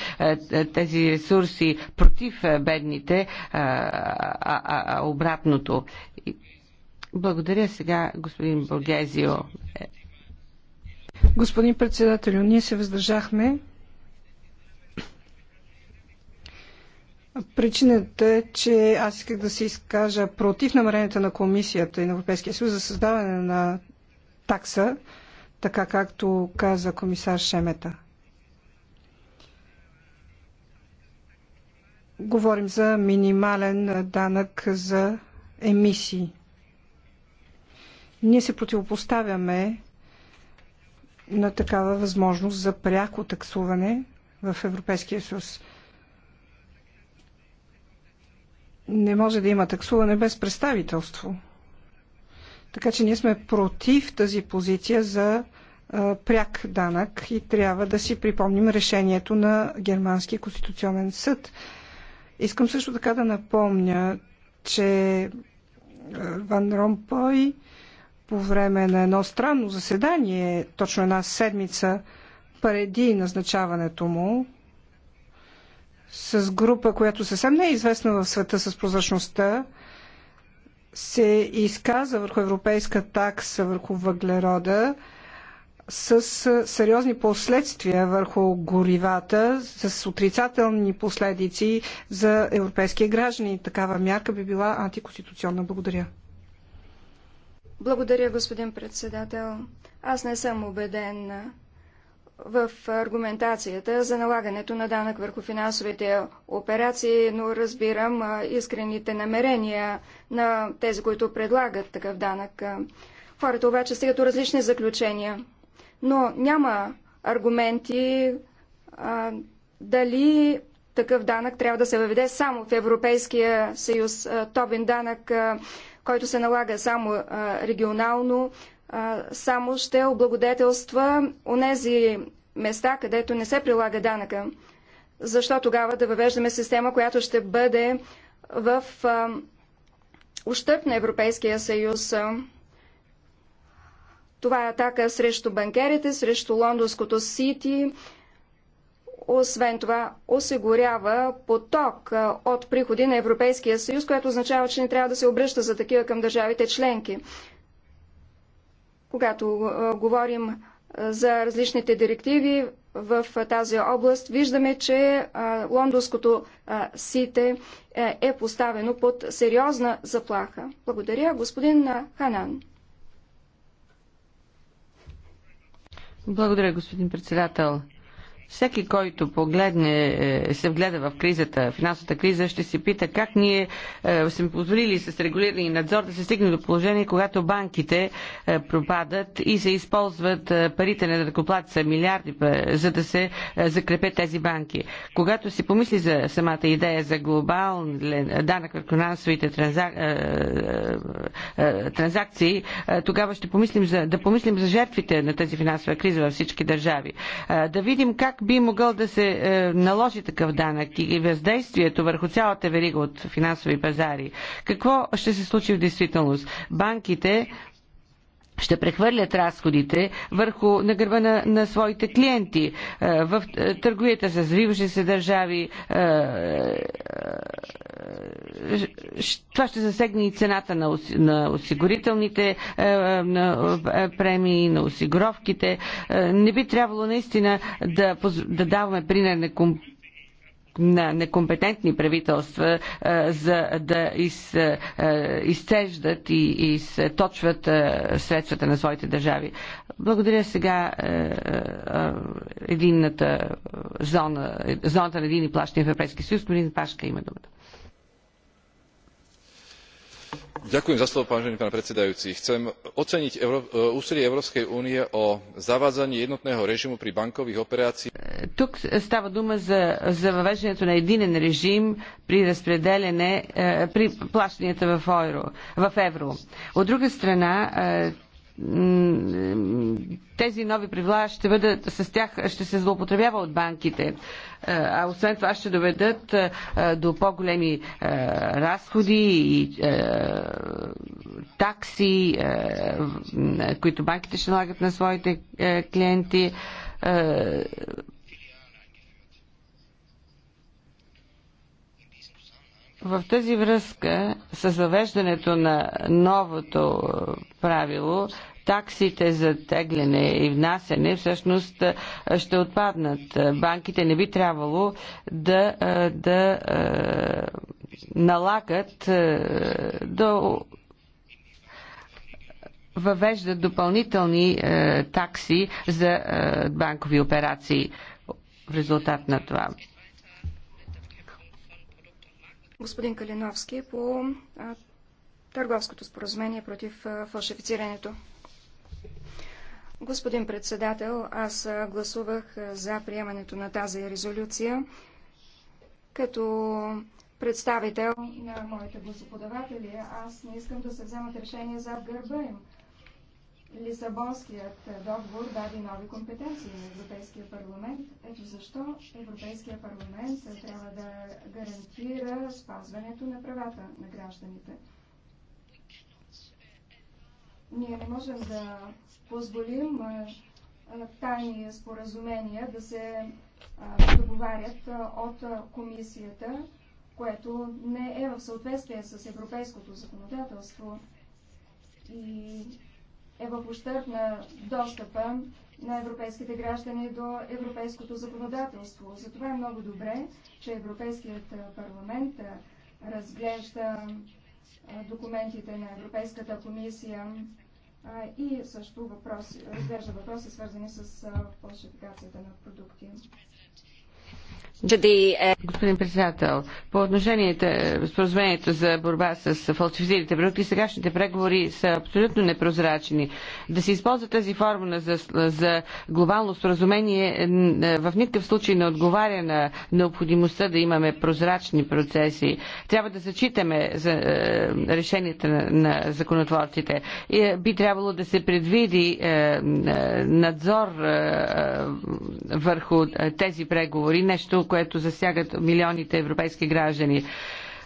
тези ресурси против бедните, а, а обратното. Благодаря сега, господин Боргезио. Господин председател, ние се въздържахме. Причината е, че аз исках да се изкажа против намерението на Комисията и на Европейския съюз за създаване на такса, така както каза комисар Шемета. Говорим за минимален данък за емисии. Ние се противопоставяме на такава възможност за пряко таксуване в Европейския съюз. Не може да има таксуване без представителство. Така че ние сме против тази позиция за а, пряк данък и трябва да си припомним решението на Германския конституционен съд. Искам също така да напомня, че Ван Ромпой по време на едно странно заседание, точно една седмица преди назначаването му, с група, която съвсем не е известна в света с прозрачността, се изказа върху европейска такса върху въглерода с сериозни последствия върху горивата, с отрицателни последици за европейския граждани. Такава мярка би била антиконституционна. Благодаря. Благодаря, господин председател. Аз не съм убеден в аргументацията за налагането на данък върху финансовите операции, но разбирам искрените намерения на тези, които предлагат такъв данък. Хората обаче стигат до различни заключения, но няма аргументи а, дали такъв данък трябва да се въведе само в Европейския съюз. Тобин данък който се налага само регионално, само ще облагодетелства онези места, където не се прилага данъка. Защо тогава да въвеждаме система, която ще бъде в ущърп на Европейския съюз? Това е атака срещу банкерите, срещу лондонското Сити, освен това, осигурява поток от приходи на Европейския съюз, което означава, че не трябва да се обръща за такива към държавите членки. Когато говорим за различните директиви в тази област, виждаме, че лондонското сите е, е поставено под сериозна заплаха. Благодаря, господин Ханан. Благодаря, господин председател. Всеки, който погледне, е, се вгледа в кризата, финансовата криза, ще се пита как ние е, сме позволили с регулирания надзор да се стигне до положение, когато банките е, пропадат и се използват парите на са милиарди, за да се закрепят тези банки. Когато си помисли за самата идея за глобален данък върху финансовите транзак... транзакции, тогава ще помислим за, да помислим за жертвите на тази финансова криза във всички държави. Да видим как как би могъл да се е, наложи такъв данък и въздействието върху цялата верига от финансови пазари? Какво ще се случи в действителност? Банките ще прехвърлят разходите върху на гърба на, на своите клиенти е, в е, търговията с вивши се държави е, е, това ще засегне и цената на, на осигурителните е, е, на премии, на осигуровките. Не би трябвало наистина да, да даваме пример на на некомпетентни правителства за да из, изцеждат и източват средствата на своите държави. Благодаря сега единната зона, зоната на едини плащания в Европейския съюз. Господин Пашка има думата chcem oceniť e, úsilie európskej únie o zavádzanie jednotného režimu pri bankových operáciách. Тук става дума за, за въвеждането на единен режим при разпределяне, е, при плащанията в евро. От друга страна, е, тези нови правила ще бъдат с тях, ще се злоупотребява от банките. А освен това ще доведат до по-големи разходи и такси, които банките ще налагат на своите клиенти В тази връзка с завеждането на новото е, правило, таксите за тегляне и внасяне всъщност е, ще отпаднат. Банките не би трябвало да, е, да налагат да въвеждат допълнителни такси за банкови операции в резултат на това господин Калиновски по търговското споразумение против фалшифицирането. Господин председател, аз гласувах за приемането на тази резолюция като представител на моите гласоподаватели. Аз не искам да се вземат решения за гърба им. Лисабонският договор даде нови компетенции на Европейския парламент. Ето защо Европейския парламент трябва да гарантира спазването на правата на гражданите. Ние не можем да позволим тайни споразумения да се договарят от комисията, което не е в съответствие с европейското законодателство и е в ущърп на достъпа на европейските граждани до европейското законодателство. Затова е много добре, че Европейският парламент разглежда документите на Европейската комисия и също въпроси, разглежда въпроси, свързани с фалшификацията на продукти. Е, Господин председател, по отношение споразумението за борба с фалшифицираните продукти, сегашните преговори са абсолютно непрозрачни. Да се използва тази формула за, за глобално споразумение е, в никакъв случай не отговаря на необходимостта да имаме прозрачни процеси. Трябва да зачитаме за, е, решенията на, на законотворците. И, би трябвало да се предвиди е, надзор е, върху тези преговори договори, нещо, което засягат милионите европейски граждани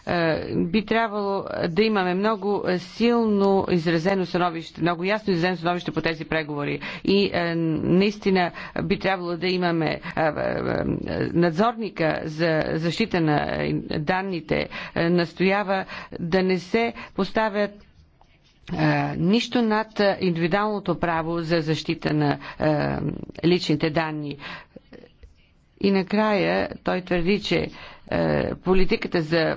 е, би трябвало да имаме много силно изразено становище, много ясно изразено становище по тези преговори. И е, наистина би трябвало да имаме е, надзорника за защита на данните, настоява да не се поставят нищо над индивидуалното право за защита на личните данни. И накрая той твърди, че е, политиката за е,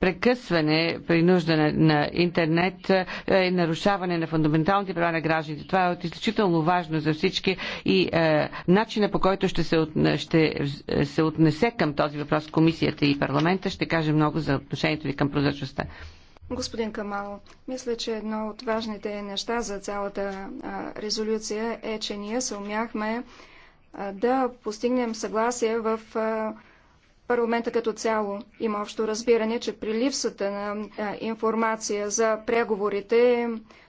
прекъсване при нужда на, на интернет е нарушаване на фундаменталните права на гражданите. Това е от изключително важно за всички и е, начина по който ще се, от, ще се отнесе към този въпрос комисията и парламента ще каже много за отношението ви към прозрачността. Господин Камал, мисля, че едно от важните неща за цялата резолюция е, че ние се умяхме да постигнем съгласие в парламента като цяло. Има общо разбиране, че при липсата на информация за преговорите,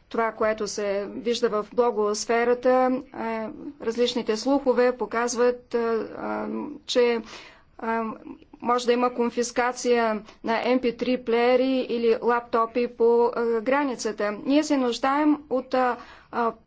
това, което се вижда в блогосферата, различните слухове показват, че може да има конфискация на MP3 плеери или лаптопи по границата. Ние се нуждаем от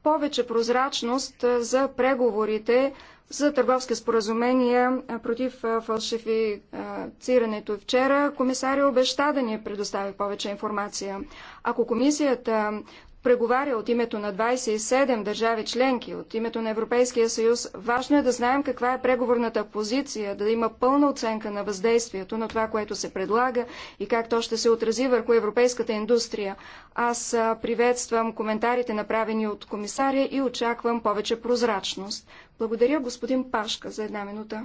повече прозрачност за преговорите за търговски споразумения против фалшифицирането. Вчера комисаря обеща да ни предостави повече информация. Ако комисията преговаря от името на 27 държави членки, от името на Европейския съюз, важно е да знаем каква е преговорната позиция, да има пълна оценка на въздействието на това, което се предлага и как то ще се отрази върху европейската индустрия. Аз приветствам коментарите, направени от комисаря и очаквам повече прозрачност. Благодаря господин Пашка за една минута.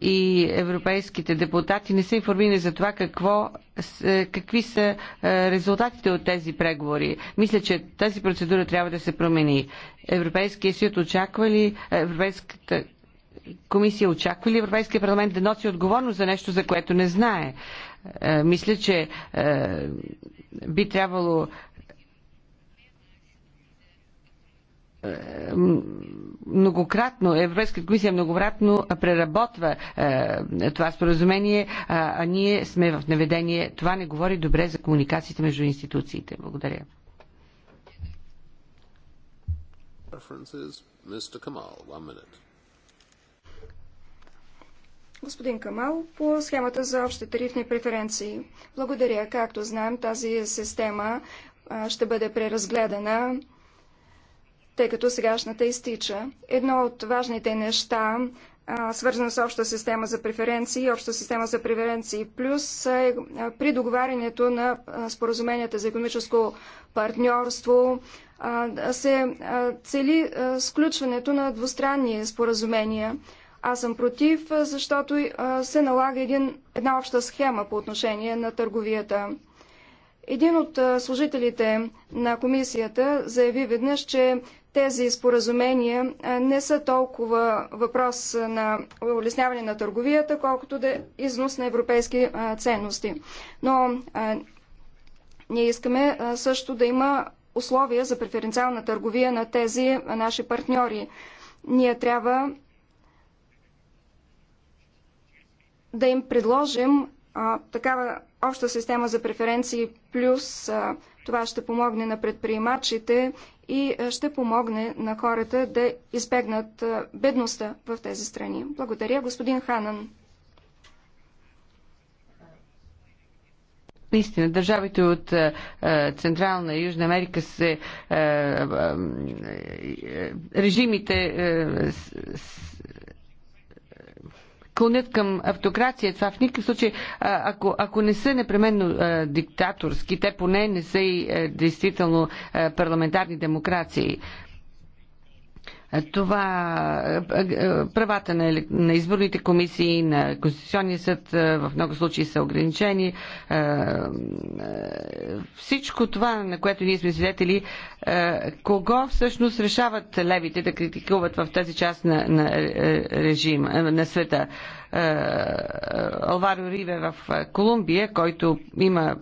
и европейските депутати не са информирани за това какво, е, какви са е, резултатите от тези преговори. Мисля, че тази процедура трябва да се промени. Европейския съюз очаква ли, е, Европейската комисия очаква ли Европейския парламент да носи отговорност за нещо, за което не знае? Мисля, че би трябвало Е, многократно, Европейската комисия многократно преработва е, това споразумение, а, а ние сме в наведение. Това не говори добре за комуникациите между институциите. Благодаря. Господин Камал, по схемата за общи тарифни преференции. Благодаря. Както знаем, тази система ще бъде преразгледана тъй като сегашната изтича. Едно от важните неща, свързано с обща система за преференции и обща система за преференции плюс, е при договарянето на споразуменията за економическо партньорство се цели сключването на двустранни споразумения. Аз съм против, защото се налага един, една обща схема по отношение на търговията. Един от служителите на комисията заяви веднъж, че тези споразумения не са толкова въпрос на улесняване на търговията, колкото да е износ на европейски ценности. Но ние искаме също да има условия за преференциална търговия на тези наши партньори. Ние трябва да им предложим а, такава обща система за преференции плюс а, това ще помогне на предприемачите и е, ще помогне на хората да избегнат е, бедността в тези страни. Благодаря, господин Ханан. Наистина, държавите от е, е Централна и Южна Америка се. Е, е, режимите. С, клонят към автокрация. Това в никакъв случай, ако, ако не са непременно а, диктаторски, те поне не са и а, действително а, парламентарни демокрации. Това е, е, правата на, на изборните комисии, на Конституционния съд е, в много случаи са ограничени. Всичко това, на което ние сме свидетели, кого всъщност решават левите да критикуват в тази част на, на режим, на света? Алваро Риве в Колумбия, който има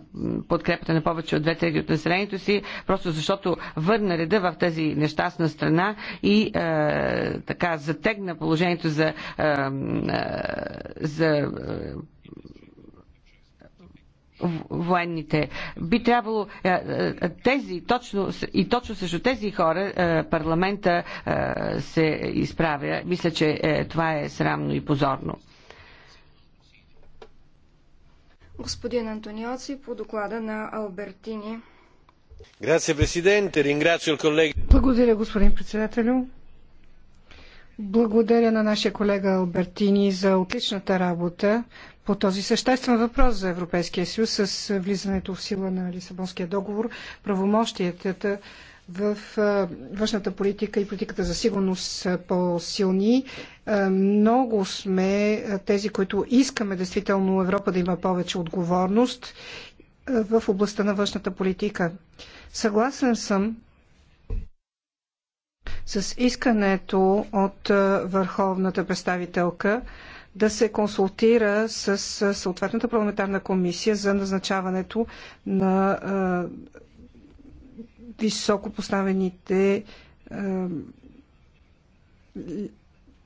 подкрепата на повече от две трети от населението си, просто защото върна реда в тази нещастна страна и е, така затегна положението за, е, е, за военните. Би трябвало тези, точно, и точно срещу тези хора парламента се изправя. Мисля, че това е срамно и позорно. Господин Антониоци по доклада на Албертини. Благодаря, господин председателю. Благодаря на нашия колега Албертини за отличната работа по този съществен въпрос за Европейския съюз с влизането в сила на Лисабонския договор, правомощията в външната политика и политиката за сигурност са по-силни. Много сме тези, които искаме действително Европа да има повече отговорност в областта на външната политика. Съгласен съм, с искането от върховната представителка да се консултира с съответната парламентарна комисия за назначаването на високо поставените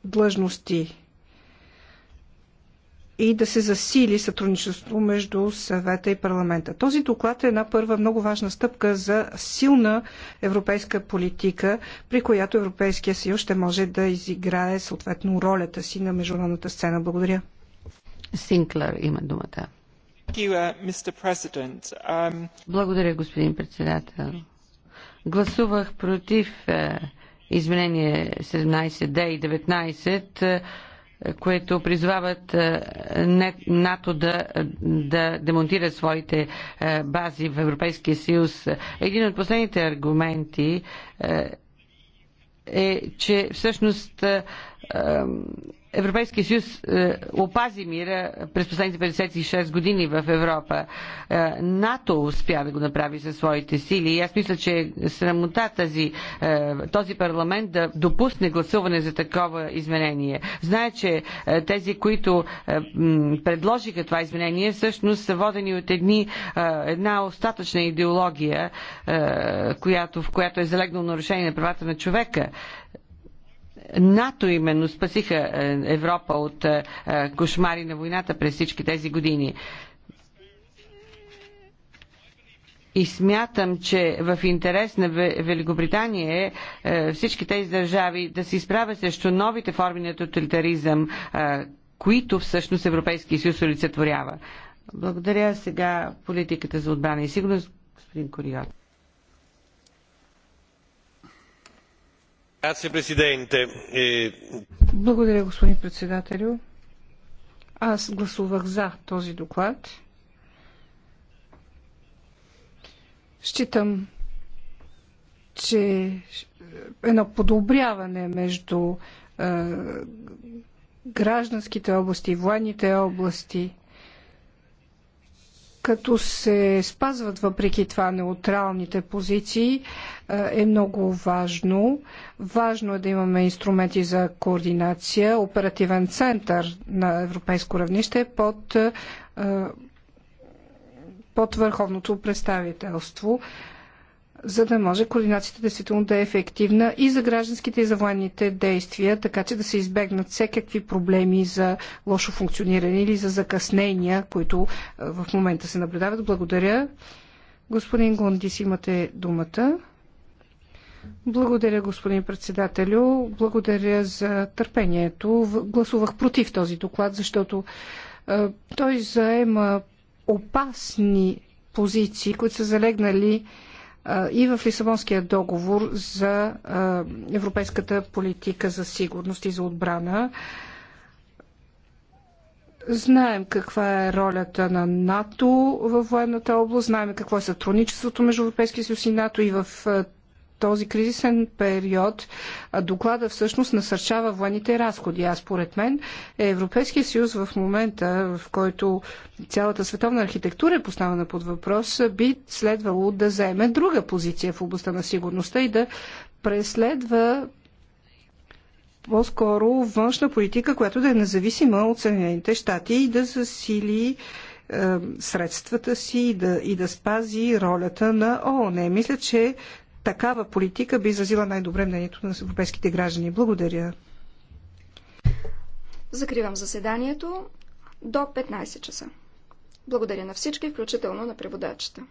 длъжности и да се засили сътрудничество между съвета и парламента. Този доклад е една първа много важна стъпка за силна европейска политика, при която Европейския съюз ще може да изиграе съответно ролята си на международната сцена. Благодаря. Синклер има думата. Uh, um, Благодаря, господин председател. Гласувах против uh, изменение 17D и 19 които призвават е, НАТО да, да демонтира своите е, бази в Европейския съюз. Един от последните аргументи е, е че всъщност Европейския съюз е, опази мира през последните 56 години в Европа. Е, НАТО успя да го направи със своите сили и аз мисля, че срамота тази, е, този парламент да допусне гласуване за такова изменение. Знае, че тези, които предложиха това изменение, всъщност са водени от едни, една остатъчна идеология, която, в която е залегнало нарушение на правата на човека. НАТО именно спасиха е, Европа от е, е, кошмари на войната през всички тези години. И смятам, че в интерес на Великобритания е всички тези държави да се изправят срещу новите форми на тоталитаризъм, които всъщност Европейския съюз олицетворява. Благодаря сега политиката за отбрана и сигурност, господин Кориот. E- Благодаря, господин председателю. Аз гласувах за този доклад. Считам, че едно подобряване между е, гражданските области и военните области като се спазват въпреки това неутралните позиции, е много важно. Важно е да имаме инструменти за координация, оперативен център на европейско равнище под, под върховното представителство за да може координацията действително да е ефективна и за гражданските и за военните действия, така че да се избегнат всякакви проблеми за лошо функциониране или за закъснения, които е, в момента се наблюдават. Благодаря. Господин Гондис, имате думата. Благодаря, господин председателю. Благодаря за търпението. Гласувах против този доклад, защото е, той заема опасни позиции, които са залегнали и в Лисабонския договор за европейската политика за сигурност и за отбрана. Знаем каква е ролята на НАТО във военната област, знаем какво е сътрудничеството между Европейския съюз и НАТО и в този кризисен период доклада всъщност насърчава военните разходи. А според мен Европейския съюз в момента, в който цялата световна архитектура е поставена под въпрос, би следвало да заеме друга позиция в областта на сигурността и да преследва по-скоро външна политика, която да е независима от Съединените щати и да засили е, средствата си и да, и да спази ролята на ООН. Мисля, че такава политика би изразила най-добре мнението на европейските граждани. Благодаря. Закривам заседанието до 15 часа. Благодаря на всички, включително на преводачите.